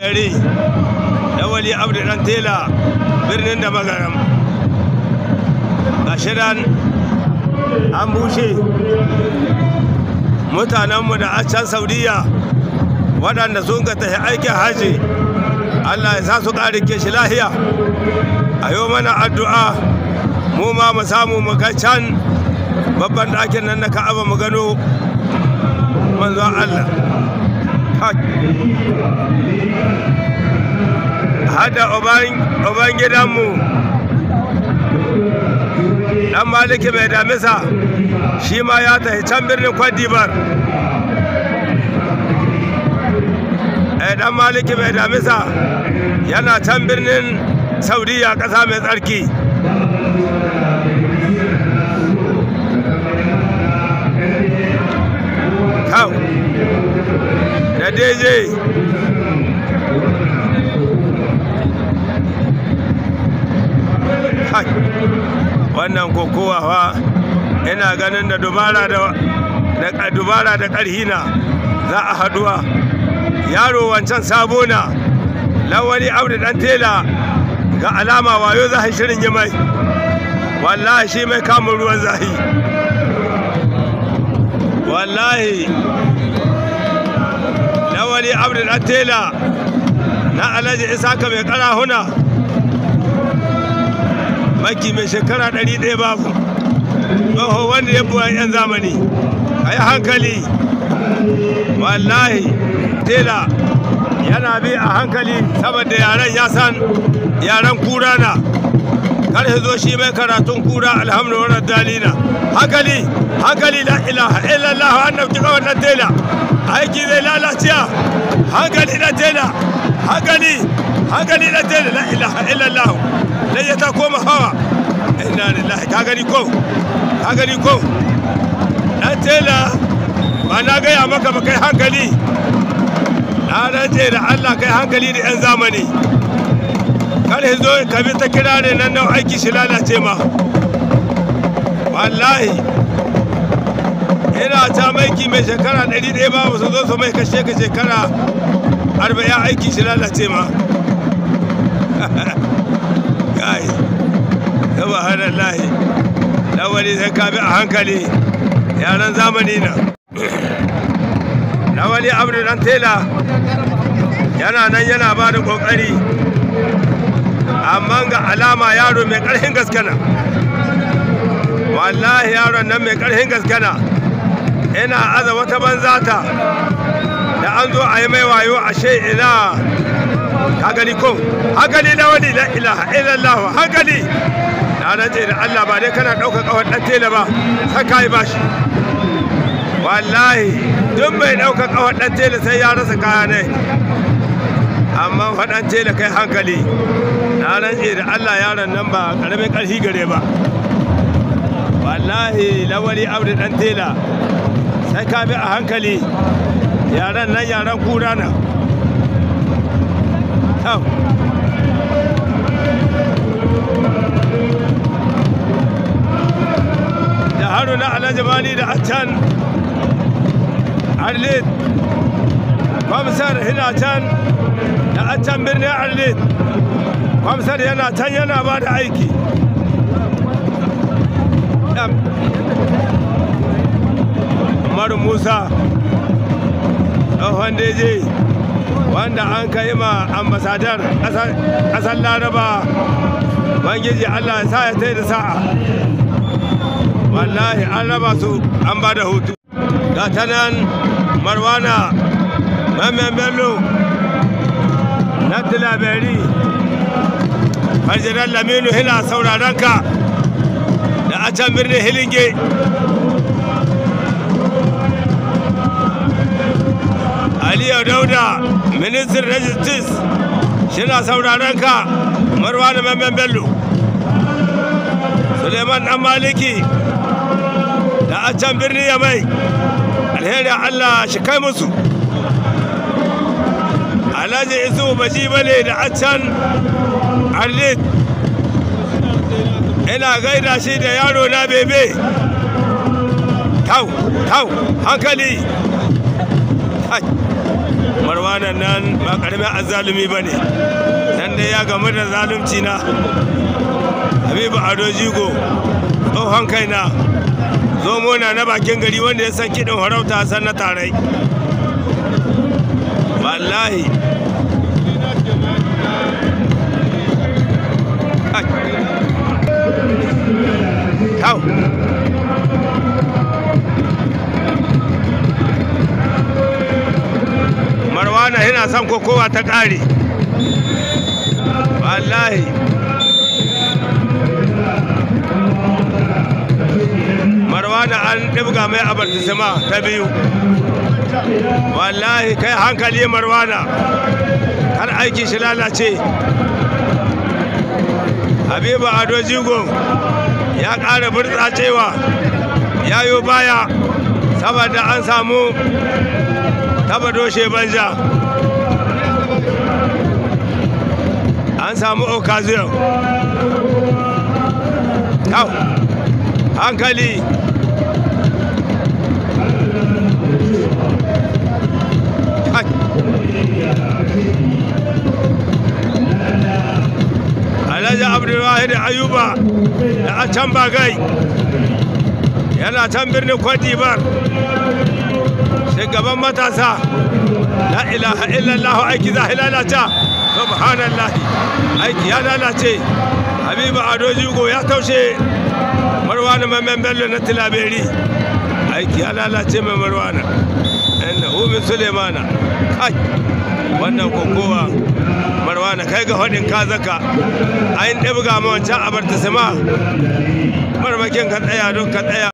gari na wali abdu dan tela birnin da magaram gashi an bushe mutanenmu da can saudiya waɗanda sun ka tafi aikin haji allah ya sa su ƙarin shi lahiya a yau mana addu'a mu ma mu samu mu ga can babban ɗakin nan na ka'aba mu gano manzon allah hada oban gidanmu dan maliki mai damisa shi ma ya tafi can birnin kwadibar eh, dan maliki mai damisa yana can birnin saudiya ƙasa mai tsarki wannan kokowa fa ina ganin da dubara da da dubara da ƙarhi na za a haduwa yaro wancan sabo na lawali abdu dan tela ga alama wayo za shirin yi mai wallahi shi mai kamun ruwan zahi wallahi lawali abdu dan tela na alhaji isaka mai huna maki mai shekara ɗari ɗaya babu tsoho wanda ya buwa 'yan zamani a yi hankali wallahi tela yana bi a hankali saboda yaren ya san yaren kura na kar shi zo shi mai karatun kura alhamdulillah dalina hankali hankali la ilaha illallah annabi kika wannan tela aiki zai lalaciya hankali na tela hagani hagani da dai la ilaha illallah lai ta koma hawa inna lillahi ka ko ka ko na tela ba na gaya maka ba kai hankali na rance da Allah kai hankali da 'yan zamani kar ya zo ka bi ta kira ne nan nan aiki shi lalace ma wallahi yana ta maiki mai shekara 100 ba su zo su mai kashe ga shekara 40 aiki shi lalace ma gai subhanallahi lawali sai ka bi a hankali yaran zamani na lawali abdu dan tela yana nan yana ba da kokari amma ga alama yaro mai karfin gaskana wallahi yaron nan mai karfin gaskana yana aza wata ta da an zo a yi mai wayo ashe ina hagani ko hagani na wani la ilaha illallah hagani na rantse da Allah ba dai kana ɗaukar ƙawar ɗan tela ba saka yi bashi wallahi duk mai ɗaukar ƙawar ɗan tela sai ya rasa kaya ne amma faɗan tela kai hankali na rantse da Allah yaron nan ba ƙaramin ƙarfi gare ba wallahi lawali da ɗan tela sai ka bi a hankali yaran nan yaran kura nan da haruna na bani da can arlit kwamsar hina can da can birnin arlit kwamsar yana can yana ba da aiki umaru musa ɗan deje wanda an yi ma ambasadar ƙasar laraba bangiji allah ya sa ya tai da sa'a wallahi an raba su an ba da hutu ga ta nan marwana mamman bello na tilaberi farjidan laminu hila sauraron ka da a can birnin hilinge aliyu dauda ministan na shina sauraron ka marwa da mamman bello suleiman dan maliki da can birni ya mai alheri allah shi kai musu alhaji isu baji bane da can arlit ina gaida shi da yaro na bebe tau tau hankali marwanan nan ba karamin azalumi ba ne nan dai ya gamu da zalunci na habibu ado jigo tsohon kaina zomo na na bakin gari wanda ya san kiɗin harauta san na tarai wallahi yana son kokowa ta ƙare wallahi marwana an ɗibga mai abartisima ta biyu wallahi kai hankali marwana har aiki shi lalace Habiba ado jigo ya ƙara burza cewa yi baya saboda an samu tabado banja an samu occasion hankali alhaji abdulwahid ayuba da a can bagai yana can birnin kwadibar shugaban matasa la ilaha illallah aiki za lalata subhanallah aiki ya lalace habibu ado jigo ya taushe marwana mamman bello na tilaberi aiki ya lalace mai marwana yan nahumin sulemana kai wannan kokowa marwana kai ga haɗin kazaka a yin ɗabga mawancan abarta sama marmakin ka tsaya don ka tsaya